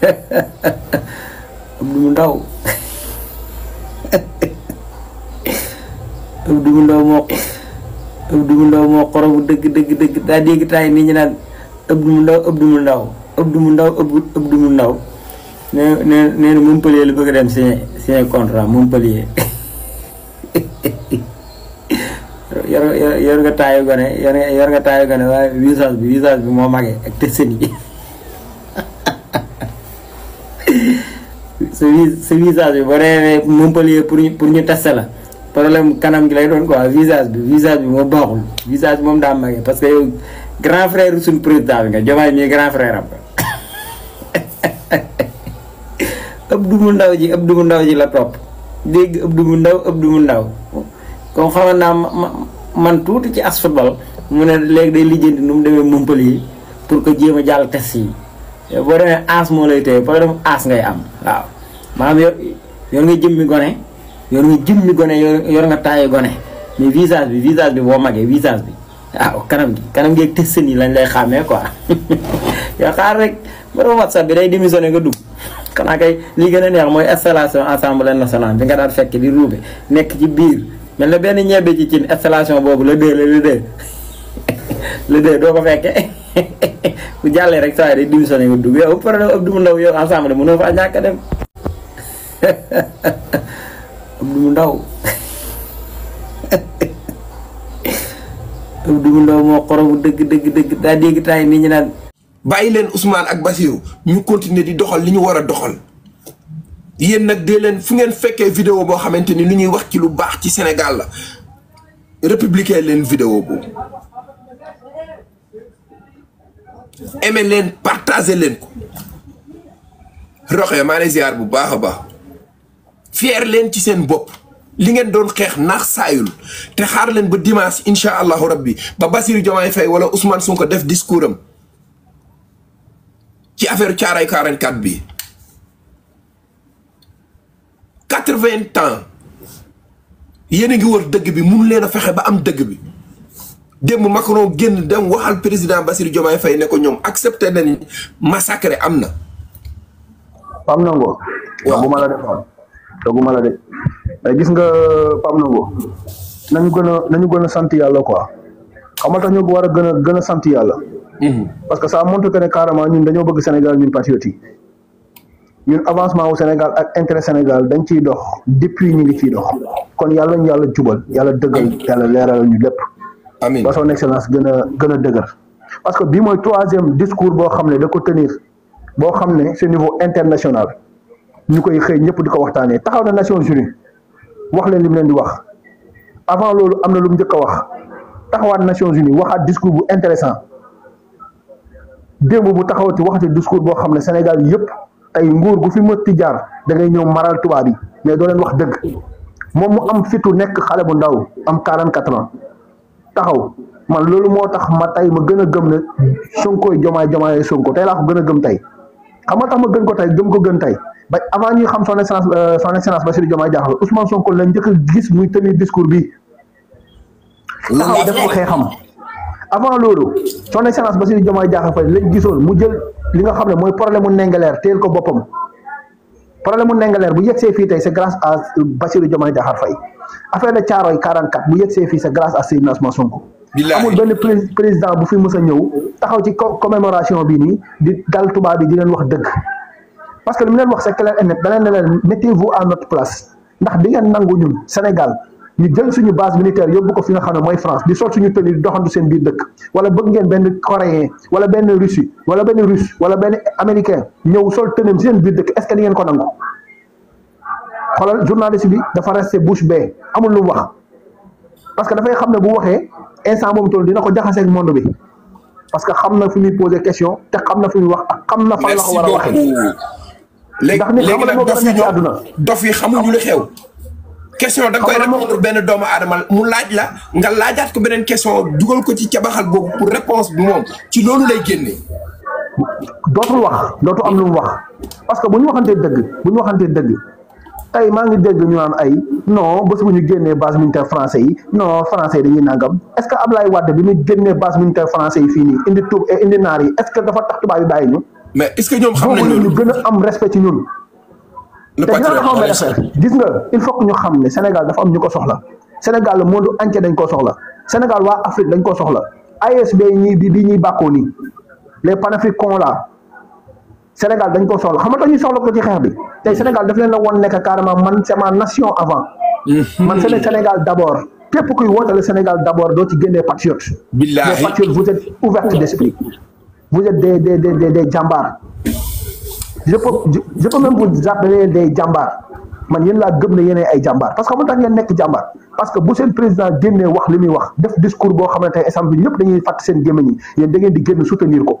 Abdou mu ndaw Abdou mu ndaw moo Abdou mu ndaw moo xoromu dëgg dëgg dëgg daa dégg taay nit ñi naan Abdou mu ndaw Abdou mu ndaw Abdou mu ndaw Abdou mu ndaw nee nee nee na Montpellier la bëgg dem signé signé contrat Montpellier yor yor yor nga taayu gone yor nga taayu gone waaye visage bi visage bi moo magee ak te sën sa sa visage bi boo demee Montpellier pour ñu pour ñu tester la problème kanam gi lay doon quoi visage bi visage bi moo baaxul visage bi moom daa magee parce que yow grand frère suñu président bi nga Diomaye mii grand frère am Abdou mu ndaw ji Abdou mu ndaw la topp dégg Abdou mu ndaw Abdou mu ndaw comme xamoon man tuuti ci as football mu ne léegi day lijjanti nu mu demee Montpellier pour que jéem a jàll test yi boo demee as moo lay téye problème as ngay am waaw maanaam yor yor nga jëmmi gone yor nga jëmmi gone yor nga taayu gone mais visage bi visage bi boo magee visage bi waaw kanam gi kanam gi ak tëstan yi lañ lay xàmmee quoi yow xaar rek borom whatsapp bi day démissionné nga dugg xanaa kay gën a neex mooy installation assemblée nationale bi nga daan fekk di ruube nekk ci biir mel na benn ñebe ci cin installation boobu la dee la la doo ko fekke bu jàllee rek saa day démissionné nga dugg yow problème ab du mu ndaw yow assemblée mënoo fa dem Abdou mu ndaw Abdou mu ndaw moo xoromu dëgg dëgg dëgg daa dégg taay nit ñi naan bàyyi leen Ousmane ak Bassirou ñu continuer di doxal li ñu war a doxal yéen nag dee leen fu ngeen fekkee vidéo boo xamante ni li ñuy wax ci lu baax ci Sénégal la républicain leen vidéo boobu aimé leen partagé leen ko roxee maa lay bu baax a baax fier len ci sen bop li ngeen doon xex nax sayul te xaar len ba dimanche insha allah rabbi ba basir jomay fay wala Ousmane Sonko def discoursam ci affaire Thiaroye 44 bi 80 ans yene ngi wër deug bi mun leena fexe ba am deug bi dem Macron génn dem waxal président basir jomay fay ne ko ñom accepté nañ massacrer amna amna ngo na ngoo. waaw la defoon. doguma la de mais gis nga Pape Ndongo nañu gën a nañu gën a sant yàlla quoi xam nga tax ñu war a gën a gën a sant yàlla. Mhm. parce que ça montre que ne carrément ñun dañoo bëgg Sénégal ñun patriotes ñun avancement wu Sénégal ak intérêt Sénégal dañ ciy dox depuis ñu ngi ciy dox kon yàlla ñu yàlla jubal yàlla dëggal yàlla leeral ñu lépp. amiin ba son excellence gën a gën a dëgër. parce que bii mooy troisième discours boo xam ne da ko tenir boo xam ne c'est niveau international. ñu koy xëy ñëpp di ko waxtaanee taxaw na Nations Unies wax leen li mu leen di wax avant loolu am na lu mu njëkk a wax taxawaat Nations Unies waxaat discours bu intéressant démb bu taxawati waxati discours boo xam ne Sénégal yëpp tey nguur gu fi mëtti jaar da ngay ñëw maral tubaab yi mais doo leen wax dëgg moom mu am fitu nekk xale bu ndaw am quarante quatre ans taxaw man loolu moo tax ma tey ma gën a gëm ne Sonko jomaay jomaay Sonko tey laa ko gën a gëm tey. xam nga tax ma gën ko tey gëm ko gën tey ba avant ñuy xam son excellence euh, son excellence Bassirou Diomaye Diakhar Ousmane Sonko la njëkk a gis muy tenir discours bi taxaw def ko xeexam avant loolu son excellence Bassirou Diomaye Diakhar Faye lañ gisoon mu jël li nga xam ne mooy problème mu nengaleer teel ko boppam problème mu nengaleer bu yegsee fii tey c'est grâce à Bassirou Diomaye Diakhar Faye affaire de Thiaroye 44 bu yegsee fii c'est grâce à Seydina Ousmane Sonko amul benn président bu fi mës a ñëw taxaw ci commémoration bi ni, di dal parce que li len c'est clair mettez-vous à notre place ndax di Sénégal ñu jël une base militaire ko fi nga France di sol suñu tenue di seen biir wala bëgg ngeen coréen wala russe wala russe wala américain sol seen est-ce que di ngeen ko journaliste bi bouche bée amul lu parce que dafay xam bu waxé instant mom dina monde parce que xamna na fu muy posé question te xamna na fu muy wax ak xamna fa la ko war a waxee léegi léegi nag dof yi ñoom dof yi xamuñu xew question da nga koy répondre ben doomu adamal mu laaj la nga laajaat ko benen question dugal ko ci ci cabaxal boobu pour réponse bi mom ci lolu lay génne dootul wax dootul am lu wax parce que bu ñu waxantee dëgg bu ñu waxantee dëgg ay maa ngi dégg ñu naan ay non bés bu ñu génnee base militaire français yi non français yi dañuy nangam est ce que Ablaye Wade bi ñu génnee base militaire français yi fii nii indi tuub eh, indi naar yi est ce que dafa tax tubaab yi bàyyi ñu. mais est ñu gën a am respect ci ñun. te dinaa la xamal affaire gis nga il faut que ñu xam ne Sénégal dafa am ñu ko soxla Sénégal le monde entier dañ koo soxla Sénégal waa Afrique dañ koo soxla ASB ñii di di ñuy bàkkoo nii les panafricains là Sénégal dañ ko soxla xam nga dañuy soxla ko ci xeex bi tey Sénégal daf leen la won nekk carrément man c'est ma nation avant. man c'est le Sénégal d'abord. képp kuy woote le Sénégal d'abord doo ci génnee patriote. billahi les patriotes vous êtes ouvert d'esprit. vous êtes des des des des des jàmbaar. je peux je peux même vous appeler des jàmbaar man yéen laa gëm ne yéenay ay jàmbaar parce que mu tax ngeen nekk jàmbaar parce que bu seen président génnee wax li muy wax def discours boo xam ne tey assemblée ñëpp dañuy fàtt seen gémmiñ yi yéen da ngeen di génn soutenir ko.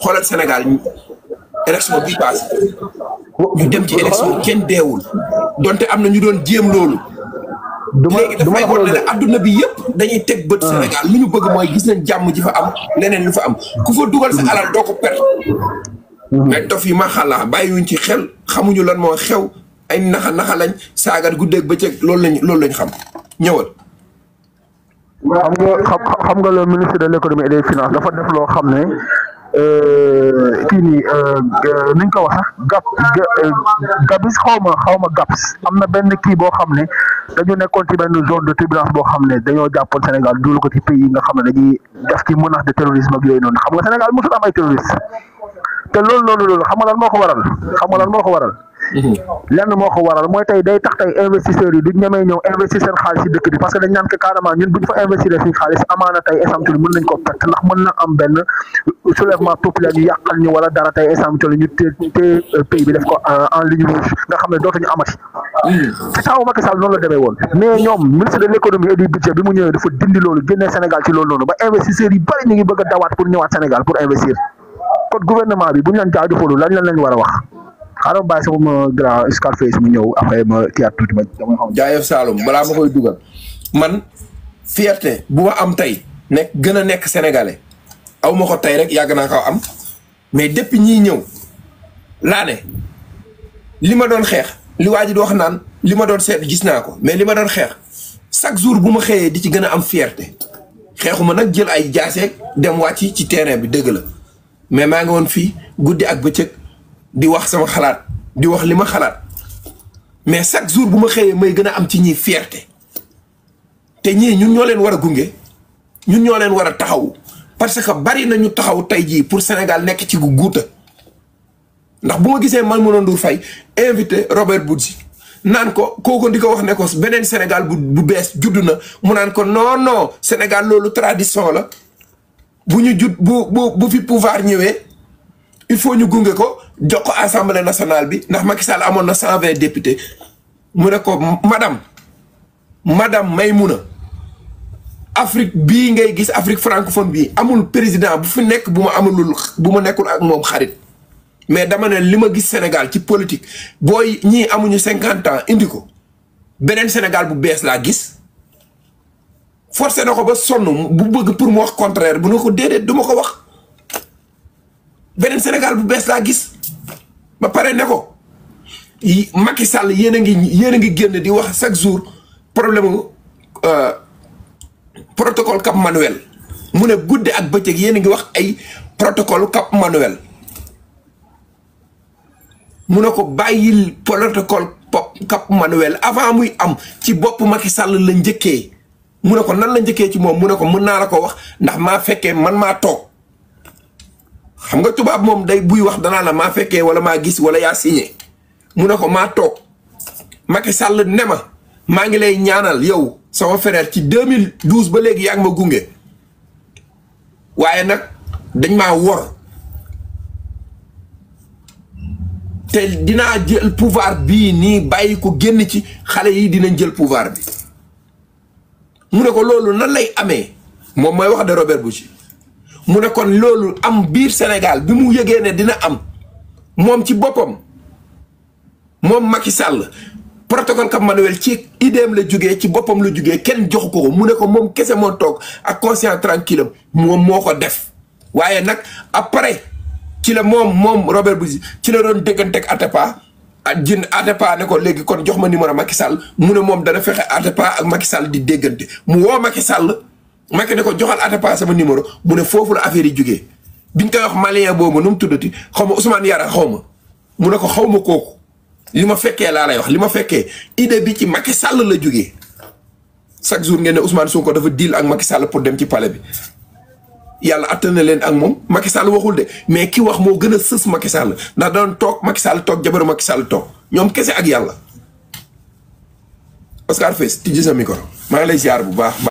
xoolal senegal élection bi passé ñu dem ci élection kenn deewul donte am na ñu doon jéem loolu. du may léegi dafay wan ne adduna bi yëpp dañuy teg bët ah. Sénégal lu ñu bëgg mooy gis nañ jàmm ji fa am leneen lu fa am ku fa dugal sa mm-hmm. alal doo ko perte. mais mm-hmm. dof yi ma xalaa bàyyiwuñ ci xel xamuñu lan moo xew ay naxa naxa lañ saagat guddeeg bëccëg loolu lañ loolu lañ xam ñëwal. xam nga xam nga le ministre de l' économie et des finances dafa def loo xam ne. Euh, kii nii euh, euh, nuñ ko wax sax gab gabis xaw ma xaw ma gaps am na benn kii boo xam ne dañu nekkoon ci benn zone de turbulence boo xam ne dañoo jàppoon Sénégal dugal ko ci pays yi nga xam ne dañuy def ci menace de terrorisme ak yooyu noonu xam nga Sénégal mosul am ay terroriste te loolu loolu loolu xam nga lan moo ko waral xam nga lan moo ko waral. Mm-hmm. lenn moo ko waral mooy tey day tax tey investisseurs yi duñ ñemee ñëw investir seen xaalis si dëkk bi parce que dañ naan que carrément ñun buñ fa investir suñu xaalis amaana tey esamtuli mën wala dara tey esamtuli euh, def ko en xam ne dootuñu amati mm-hmm. ci taawu Macky Sall noonu la demee woon mais ñoom ministre de l' économie et du dafa dindi loolu génnee Sénégal ci loolu noonu ba investisseurs yi bari ñu ngi bëgg a dawaat pour ñëwaat Sénégal pour investir kon gouvernement bi bu ñu leen jaajëfalu lañ lañ lañ war a wax xaaral ma bàyyi sama ma grand Scarface mu ñëw après ma tiyaat tuuti ma dama xam. jaayef Saalum balaa ma koy dugal man fierte bu ma am tey nekk gën a nekk sénégalais aw ma ko tey rek yàgg naa kaw am mais depuis ñiy ñëw laa li ma doon xeex li waa ji di wax naan li ma doon set gis naa ko mais li ma doon xeex chaque jour bu ma xëyee di ci gën a am fierté xeexuma nag jël ay jaaseeg dem wàcc ci terrain bi dëgg la mais maa ngi woon fii guddi ak bëccëg. di wax sama xalaat di wax li ma xalaat mais chaque jour bu ma xëyee may gën a am ci ñii fierté te ñii ñun ñoo leen war a gunge ñun ñoo leen war a taxaw parce que bari na ñu taxaw tey jii pour Sénégal nekk ci gu guuta ndax bu ma gisee Maimouna Ndour fay invité Robert Budji naan ko kooku di ko wax ne ko beneen senegal bu bu bees judd na mu naan ko non non Sénégal loolu tradition la bu ñu judd bu bu bu fi pouvoir ñëwee. il faut ñu gunge ko jox ko assemblée nationale bi ndax Macky Sall amoon na cent vingt mu ne ko madame madame Maymouna Afrique bii ngay gis Afrique francophone bii amul président bu fi nekk bu ma amulul bu ma nekkul ak moom xarit mais dama ne li ma gis Sénégal ci politique booy ñii amuñu cinquante ans indi ko beneen Sénégal bu bees laa gis forcé na ko ba sonn bu bëgg pour mu wax contraire bu ne ko déedéet du ma ko wax. beneen Sénégal bu bees laa gis ba pare ne ko yi Macky yéen a ngi yéen a ngi génn di wax chaque jour problème mu euh, protocole Cap Manuel mu ne gudde ak bëccëg yéen a ngi wax ay protocole Cap Manuel mu ne ko bàyyil protocole Cap Manuel avant muy am ci bopp Macky Sall la njëkkee mu ne ko nan la njëkkee ci moom mu ne ko mën naa la ko wax ndax maa fekkee man maa toog. xam nga tubaab moom day buy wax danaa la maa fekkee wala maa gis wala yaa signé mu ne ko maa toog Macky Sall ne ma maa ngi lay ñaanal yow sama frère ci 2012 ba léegi yaa ngi ma gunge waaye nag dañ maa wor te dinaa jël pouvoir bii nii bàyyi ko génn ci xale yi dinañ jël pouvoir bi mu ne ko loolu na lay amee moom mooy wax de Robert Boucher mu ne kon am Sénégal bi mu yegene ne dina am mom ci mom Macky Sall protocole Cap Manuel ci idem la ci la ne mu ne ko mom mo tok ak conscience tranquille mom moko def waye après ci le mom mom Robert Bourgi ci la don Atepa ak ah, pas Atepa ne ko legui kon jox ma numéro Macky mu ne dana Atepa ak Macky Sall di déggante mu wo Macky Macky ne ko joxal Atepa sama numéro bu ne foofu la affaire yi jugee biñ koy wax malien boobu nu mu tuddati xaw ma Yara xaw ma mu ne ko xaw ma kooku li ma fekkee laa lay wax li ma fekkee idée bi ci Macky sàll la jóge chaque jour ngeen ne Ousmane Sonko dafa deal ak Macky sàll pour dem ci pale bi. yàlla attan na leen ak moom Macky Sall waxul de mais ki wax moo gën a sës Macky sàll ndax doon toog Macky sàll toog jabaru Macky Sall toog ñoom kese ak yàlla. Oscar Fess tijji sa micro maa ngi lay ziar bu baax.